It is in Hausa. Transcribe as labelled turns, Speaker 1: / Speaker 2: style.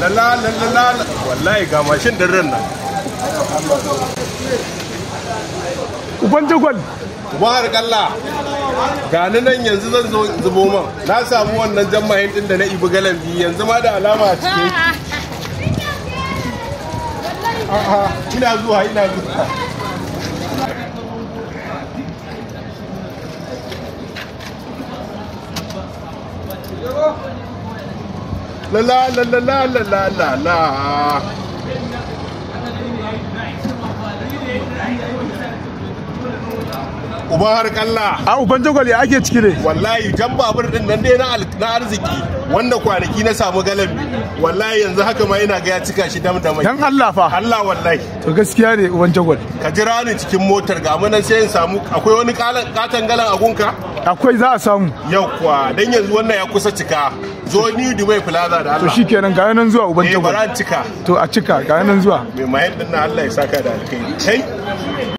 Speaker 1: lalla lalla wallahi ga mashin din ran nan uban jagwal uban harkalla ga ni nan yanzu zan zo zubo man na samu wannan jan mahin din da na ibi galan biyu yanzu ma da alama a cike ina zuwa ina zuwa Thank you. La la la la la la la la Uba har Allah A uban jagwal ake ciki ne. Wallahi jan babur din nan dai na arziki wanda kwanaki na samu galabi. Wallahi yanzu haka ma ina ga ya cika shi dam mai. Dan Allah fa. Allah wallahi. To gaskiya ne uban jagwal. Ka jira ni cikin motar ga mu nan sai in samu akwai wani katangalan galan agunka? Akwai za a samu. Yau kuwa dan yanzu wannan ya kusa cika. zo ni Dubai Plaza da Allah. To shikenan ga nan zuwa uban tagwa. Eh, cika. To a cika ga nan zuwa. Mai mayar din Allah ya saka da alkai. Kai